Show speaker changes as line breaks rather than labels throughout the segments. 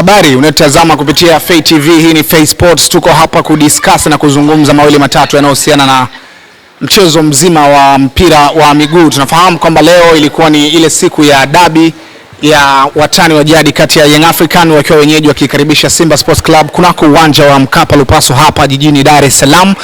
Habari unatazama kupitia Fay TV, hii ni Fay Sports. Tuko hapa kudiscuss na kuzungumza mawili matatu yanayohusiana na mchezo mzima wa mpira wa miguu. Tunafahamu kwamba leo ilikuwa ni ile siku ya dabi ya watani wa jadi kati ya Young African wakiwa wenyeji wakikaribisha Simba Sports Club kunako uwanja wa Mkapa Lupaso hapa jijini Dar es Salaam,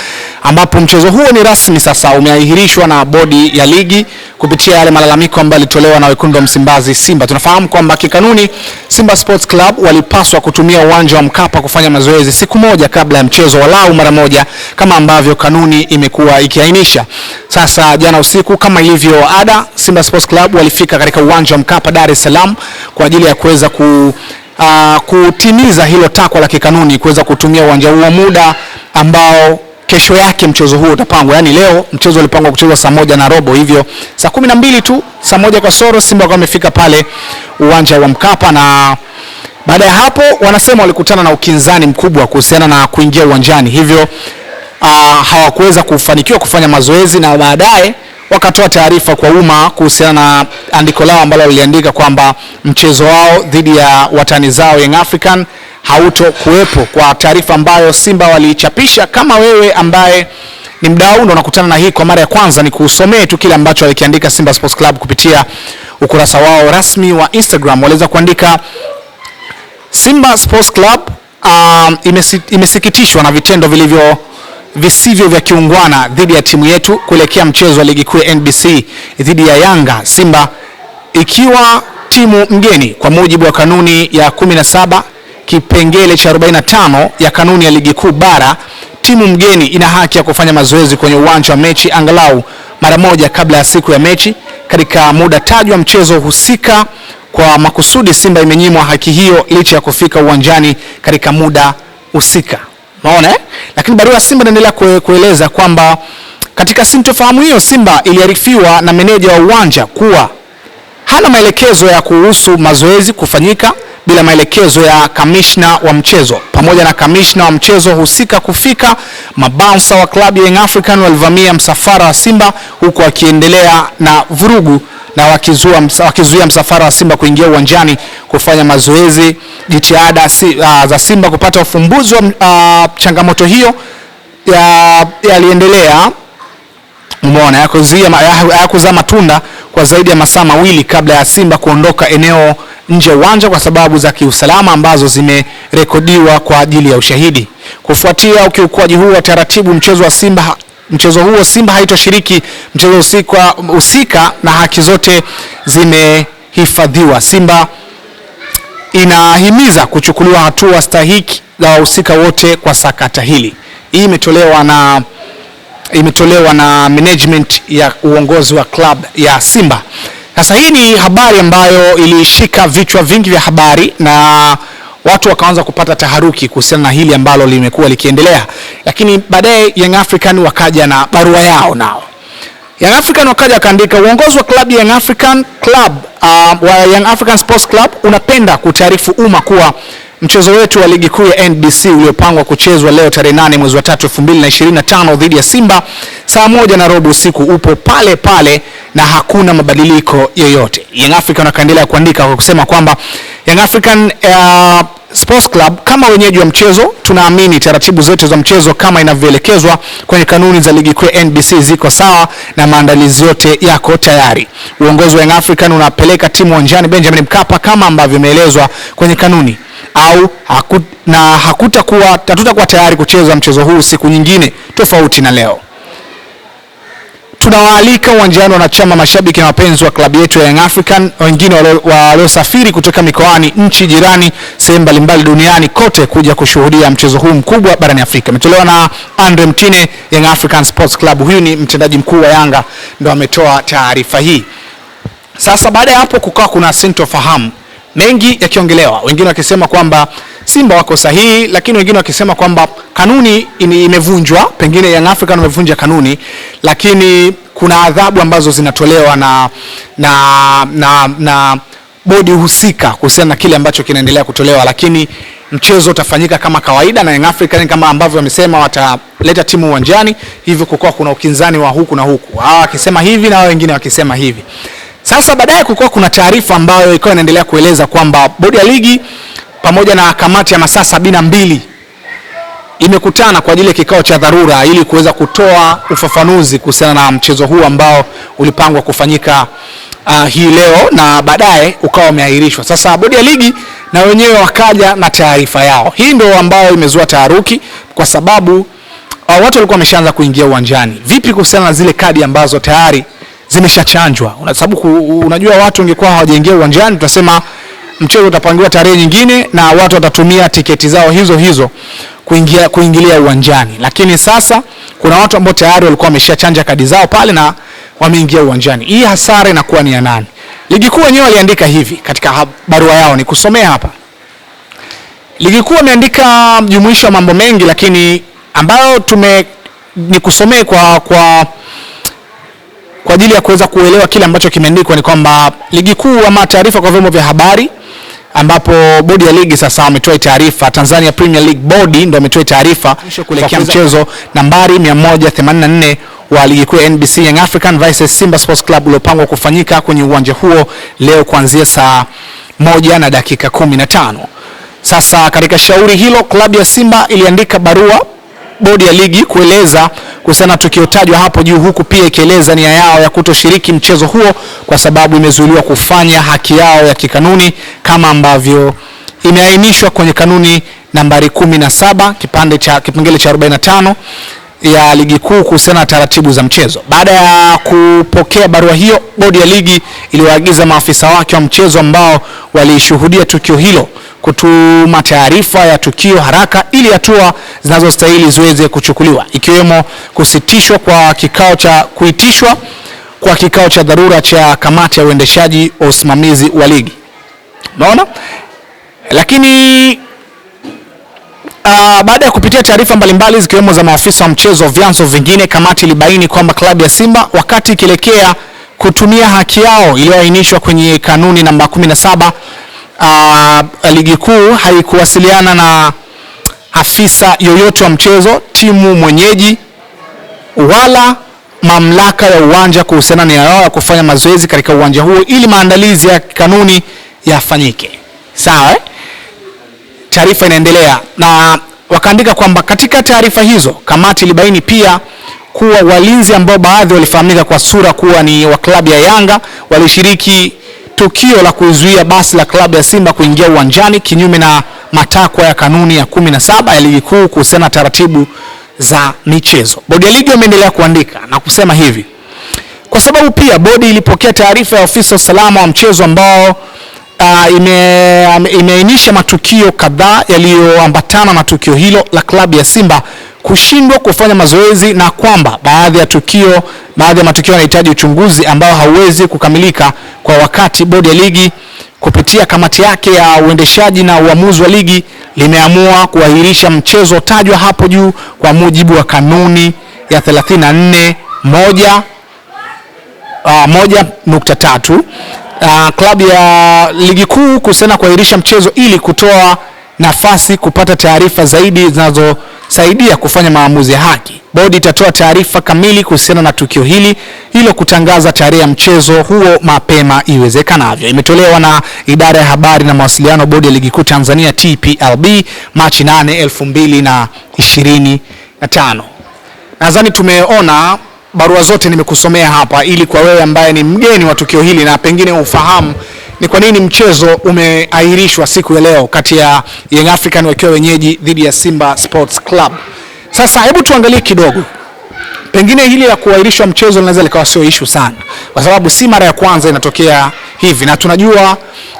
ambapo mchezo huo ni rasmi sasa umeahirishwa na bodi ya ligi kupitia yale malalamiko ambayo yalitolewa na wekundu wa Msimbazi Simba. Tunafahamu kwamba kikanuni Simba Sports Club walipaswa kutumia uwanja wa Mkapa kufanya mazoezi siku moja kabla ya mchezo, walau mara moja, kama ambavyo kanuni imekuwa ikiainisha. Sasa jana usiku, kama ilivyo ada, Simba Sports Club walifika katika uwanja wa Mkapa, Dar es Salaam kwa ajili ya kuweza ku Uh, kutimiza hilo takwa la kikanuni kuweza kutumia uwanja huo muda ambao kesho yake mchezo huo utapangwa. Yani leo mchezo ulipangwa kuchezwa saa moja na robo hivyo saa kumi na mbili tu, saa moja kwa soro Simba wakawa wamefika pale uwanja wa Mkapa, na baada ya hapo wanasema walikutana na ukinzani mkubwa kuhusiana na kuingia uwanjani, hivyo uh, hawakuweza kufanikiwa kufanya mazoezi na baadaye wakatoa taarifa kwa umma kuhusiana na andiko lao ambalo waliandika kwamba mchezo wao dhidi ya watani zao Young African hautokuwepo kwa taarifa ambayo Simba waliichapisha. Kama wewe ambaye ni mdau ndo unakutana na hii kwa mara ya kwanza, ni kusomee tu kile ambacho alikiandika Simba Sports Club kupitia ukurasa wao rasmi wa Instagram. Waliweza kuandika Simba Sports Club um, imesi, imesikitishwa na vitendo vilivyo visivyo vya kiungwana dhidi ya timu yetu kuelekea mchezo wa ligi kuu ya NBC dhidi ya Yanga. Simba ikiwa timu mgeni kwa mujibu wa kanuni ya kipengele cha 45 ya kanuni ya ligi kuu bara, timu mgeni ina haki ya kufanya mazoezi kwenye uwanja wa mechi angalau mara moja kabla ya siku ya mechi katika muda tajwa mchezo husika. Kwa makusudi, Simba imenyimwa haki hiyo licha ya kufika uwanjani katika muda husika. Unaona eh? Lakini barua Simba inaendelea kue, kueleza kwamba katika sintofahamu hiyo Simba iliarifiwa na meneja wa uwanja kuwa hana maelekezo ya kuhusu mazoezi kufanyika bila maelekezo ya kamishna wa mchezo. Pamoja na kamishna wa mchezo husika kufika, mabansa wa klabu ya Young African walivamia msafara wa Simba huku wakiendelea na vurugu na wakizua msa, wakizuia msafara wa Simba kuingia uwanjani kufanya mazoezi. Jitihada si, uh, za Simba kupata ufumbuzi wa uh, changamoto hiyo yaliendelea umeona, ya matunda kwa zaidi ya masaa mawili kabla ya Simba kuondoka eneo nje ya uwanja kwa sababu za kiusalama ambazo zimerekodiwa kwa ajili ya ushahidi. Kufuatia ukiukwaji huu wa taratibu, mchezo wa Simba mchezo huo Simba haitoshiriki mchezo husika, husika na haki zote zimehifadhiwa. Simba inahimiza kuchukuliwa hatua stahiki za wahusika wote kwa sakata hili. Hii imetolewa na imetolewa na management ya uongozi wa klabu ya Simba. Sasa hii ni habari ambayo ilishika vichwa vingi vya habari na watu wakaanza kupata taharuki kuhusiana na hili ambalo limekuwa likiendelea, lakini baadaye Young African wakaja na barua yao nao. Young African wakaja wakaandika, uongozi wa klabu Young African Club, uh, wa Young African Sports Club unapenda kutaarifu umma kuwa Mchezo wetu wa ligi kuu ya NBC uliopangwa kuchezwa leo tarehe nane mwezi wa tatu na na tano dhidi ya Simba saa moja na robo usiku upo pale pale na hakuna mabadiliko yoyote. Young African wakaendelea kuandika kwa kusema kwamba Young African uh, Sports Club kama wenyeji wa mchezo tunaamini taratibu zote za mchezo kama inavyoelekezwa kwenye kanuni za ligi kuu ya NBC ziko sawa na maandalizi yote yako tayari. Uongozi wa Young African unapeleka timu uwanjani Benjamin Mkapa kama ambavyo imeelezwa kwenye kanuni au haku, na hakutakuwa hatutakuwa tayari kucheza mchezo huu siku nyingine tofauti na leo. Tunawaalika uwanjani wanachama, mashabiki na wapenzi wa klabu yetu ya Young African, wengine waliosafiri kutoka mikoani, nchi jirani, sehemu mbalimbali duniani kote kuja kushuhudia mchezo huu mkubwa barani Afrika. Imetolewa na Andre Mtine, Young African Sports Club, huyu ni mtendaji mkuu wa Yanga, ndo ametoa taarifa hii. Sasa baada ya hapo kukawa kuna sintofahamu mengi yakiongelewa, wengine wakisema kwamba Simba wako sahihi, lakini wengine wakisema kwamba kanuni imevunjwa, pengine Young African wamevunja kanuni, lakini kuna adhabu ambazo zinatolewa na, na, na, na bodi husika kuhusiana na kile ambacho kinaendelea kutolewa, lakini mchezo utafanyika kama kawaida na Young African kama ambavyo wamesema wataleta timu uwanjani, hivyo kukawa kuna ukinzani wa huku na huku, hawa wakisema hivi na wao wengine wakisema hivi. Sasa baadaye kulikuwa kuna taarifa ambayo ilikuwa inaendelea kueleza kwamba bodi ya ligi pamoja na kamati ya masaa sabini na mbili imekutana kwa ajili ya kikao cha dharura ili kuweza kutoa ufafanuzi kuhusiana na mchezo huu ambao ulipangwa kufanyika uh, hii leo na baadaye ukawa umeahirishwa. Sasa bodi ya ligi na wenyewe wakaja na taarifa yao. Hii ndio ambayo imezua taharuki kwa sababu uh, watu walikuwa wameshaanza kuingia uwanjani. Vipi kuhusiana na zile kadi ambazo tayari zimeshachanjwa. Sababu unajua watu ungekuwa hawajaingia uwanjani, tutasema mchezo utapangiwa tarehe nyingine na watu watatumia tiketi zao hizo hizo kuingia kuingilia uwanjani, lakini sasa kuna watu ambao tayari walikuwa wameshachanja kadi zao pale na wameingia uwanjani. Hii hasara inakuwa ni ya nani? Ligi Kuu wenyewe waliandika hivi katika barua yao, ni kusomea hapa. Ligi Kuu ameandika mjumuisho wa mambo mengi, lakini ambayo tume ni kusomea kwa, kwa kwa ajili ya kuweza kuelewa kile ambacho kimeandikwa ni kwamba ligi kuu ama taarifa kwa vyombo vya habari ambapo bodi ya ligi sasa wametoa taarifa, Tanzania Premier League Board ndio wametoa taarifa kuelekea mchezo nambari 184 wa ligi kuu ya NBC Young African vs Simba Sports Club uliopangwa kufanyika kwenye uwanja huo leo kuanzia saa moja na dakika 15. Sasa katika shauri hilo klabu ya Simba iliandika barua bodi ya ligi kueleza kuhusiana na tukio tajwa hapo juu, huku pia ikieleza nia yao ya kutoshiriki mchezo huo kwa sababu imezuiliwa kufanya haki yao ya kikanuni kama ambavyo imeainishwa kwenye kanuni nambari 17 kipande cha kipengele cha 45 ya ligi kuu kuhusiana na taratibu za mchezo. Baada ya kupokea barua hiyo, bodi ya ligi iliwaagiza maafisa wake wa mchezo ambao walishuhudia tukio hilo kutuma taarifa ya tukio haraka ili hatua zinazostahili ziweze kuchukuliwa ikiwemo kusitishwa kwa kikao cha kuitishwa kwa kikao cha dharura cha kamati ya uendeshaji wa usimamizi wa ligi. Unaona? Lakini Uh, baada ya kupitia taarifa mbalimbali zikiwemo za maafisa wa mchezo, vyanzo vingine, kamati ilibaini kwamba klabu ya Simba wakati ikielekea kutumia haki yao iliyoainishwa kwenye kanuni namba 17 uh, ah, ligi kuu haikuwasiliana na afisa yoyote wa mchezo, timu mwenyeji wala mamlaka ya uwanja kuhusiana na yao ya kufanya mazoezi katika uwanja huo ili maandalizi ya kanuni yafanyike. Sawa, eh? Taarifa inaendelea na wakaandika kwamba katika taarifa hizo kamati ilibaini pia kuwa walinzi ambao baadhi walifahamika kwa sura kuwa ni wa klabu ya Yanga walishiriki tukio la kuizuia basi la klabu ya Simba kuingia uwanjani kinyume na matakwa ya kanuni ya 17 ya ligi kuu kuhusiana na taratibu za michezo. Bodi ya ligi wameendelea kuandika na kusema hivi: kwa sababu pia bodi ilipokea taarifa ya ofisa usalama wa mchezo ambao uh, ime, imeainisha matukio kadhaa yaliyoambatana na tukio hilo la klabu ya Simba kushindwa kufanya mazoezi na kwamba baadhi ya tukio baadhi ya matukio yanahitaji uchunguzi ambao hauwezi kukamilika kwa wakati. Bodi ya ligi kupitia kamati yake ya uendeshaji na uamuzi wa ligi limeamua kuahirisha mchezo tajwa hapo juu kwa mujibu wa kanuni ya 34 moja, uh, moja nukta tatu uh, klabu ya ligi kuu kuhusiana kuahirisha mchezo ili kutoa nafasi kupata taarifa zaidi zinazosaidia kufanya maamuzi ya haki. Bodi itatoa taarifa kamili kuhusiana na tukio hili hilo kutangaza tarehe ya mchezo huo mapema iwezekanavyo. Imetolewa na idara ya habari na mawasiliano, bodi ya ligi kuu Tanzania TPLB, Machi 8, 2025. Nadhani tumeona barua zote nimekusomea hapa, ili kwa wewe ambaye ni mgeni wa tukio hili na pengine ufahamu ni kwa nini mchezo umeahirishwa siku ya leo kati ya Young African wakiwa wenyeji dhidi ya Simba Sports Club. Sasa hebu tuangalie kidogo, pengine hili la kuahirishwa mchezo linaweza likawa sio issue sana, kwa sababu si mara ya kwanza inatokea hivi, na tunajua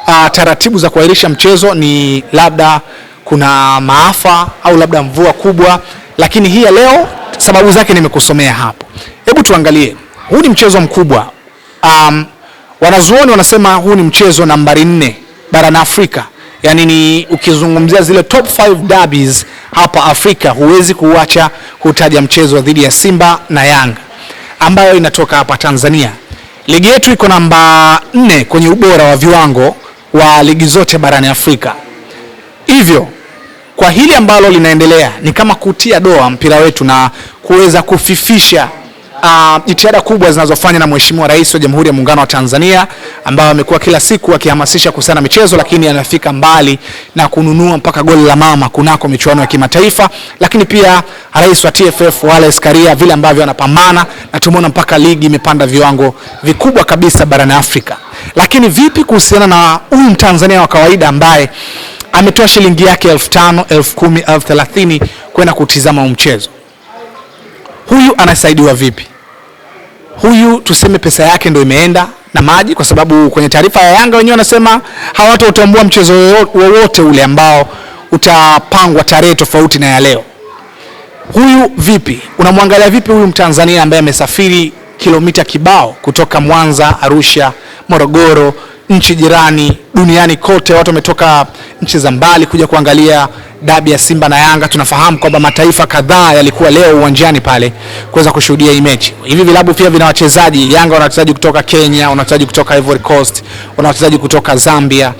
uh, taratibu za kuahirisha mchezo ni labda kuna maafa au labda mvua kubwa, lakini hii ya leo sababu zake nimekusomea hapo. Hebu tuangalie, huu ni mchezo mkubwa. Um, wanazuoni wanasema huu ni mchezo nambari nne barani Afrika, yaani ni ukizungumzia zile top 5 derbies hapa Afrika, huwezi kuacha kutaja mchezo dhidi ya Simba na Yanga ambayo inatoka hapa Tanzania. Ligi yetu iko namba nne kwenye ubora wa viwango wa ligi zote barani Afrika. Hivyo kwa hili ambalo linaendelea ni kama kutia doa mpira wetu na kuweza kufifisha Ah, jitihada uh, kubwa zinazofanywa na Mheshimiwa Rais wa Jamhuri ya Muungano wa Tanzania ambaye amekuwa kila siku akihamasisha kuhusiana michezo, lakini anafika mbali na kununua mpaka goli la mama kunako michuano ya kimataifa, lakini pia Rais wa TFF Wallace Karia vile ambavyo anapambana na tumeona mpaka ligi imepanda viwango vikubwa kabisa barani Afrika. Lakini vipi kuhusiana na huyu Mtanzania wa kawaida ambaye ametoa shilingi yake elfu tano elfu kumi elfu thelathini kwenda kutizama mchezo? huyu anasaidiwa vipi? Huyu tuseme pesa yake ndio imeenda na maji, kwa sababu kwenye taarifa ya Yanga wenyewe wanasema hawatautambua mchezo wowote ule ambao utapangwa tarehe tofauti na ya leo. Huyu vipi, unamwangalia vipi huyu Mtanzania ambaye amesafiri kilomita kibao kutoka Mwanza, Arusha, Morogoro nchi jirani duniani kote, watu wametoka nchi za mbali kuja kuangalia dabi ya Simba na Yanga. Tunafahamu kwamba mataifa kadhaa yalikuwa leo uwanjani pale kuweza kushuhudia hii mechi. Hivi vilabu pia vina wachezaji. Yanga wana wachezaji kutoka Kenya, wana wachezaji kutoka Ivory Coast, wana wachezaji kutoka Zambia,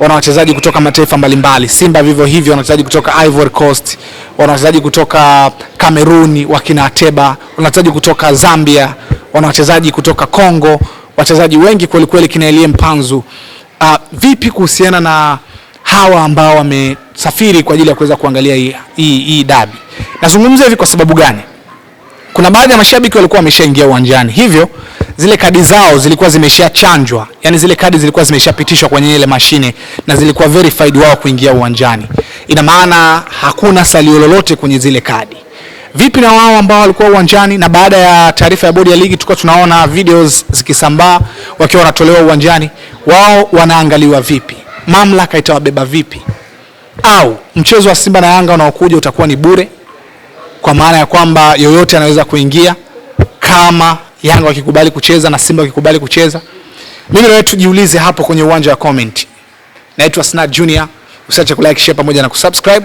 wana wachezaji kutoka mataifa mbalimbali. Simba vivyo hivyo, wana wachezaji kutoka Ivory Coast, wana wachezaji kutoka Kameruni wakina Ateba, wana wachezaji kutoka Zambia, wana wachezaji kutoka Kongo wachezaji wengi kweli kweli, kina Elie Mpanzu. Uh, vipi kuhusiana na hawa ambao wamesafiri kwa ajili ya kuweza kuangalia hii dabi? Nazungumzia hivi kwa sababu gani? Kuna baadhi ya mashabiki walikuwa wameshaingia uwanjani, hivyo zile kadi zao zilikuwa zimeshachanjwa, yani zile kadi zilikuwa zimeshapitishwa kwenye ile mashine na zilikuwa verified wao kuingia uwanjani. Ina maana hakuna salio lolote kwenye zile kadi. Vipi na wao ambao walikuwa uwanjani? Na baada ya taarifa ya bodi ya ligi tulikuwa tunaona videos zikisambaa wakiwa wanatolewa uwanjani, wao wanaangaliwa vipi? Mamlaka itawabeba vipi? Au mchezo wa Simba na Yanga unaokuja utakuwa ni bure, kwa maana ya kwamba yoyote anaweza kuingia kama Yanga wakikubali kucheza na Simba wakikubali kucheza. Mimi nawe tujiulize hapo kwenye uwanja wa comment. Naitwa Snad Junior, usiache kulike, share pamoja na kusubscribe.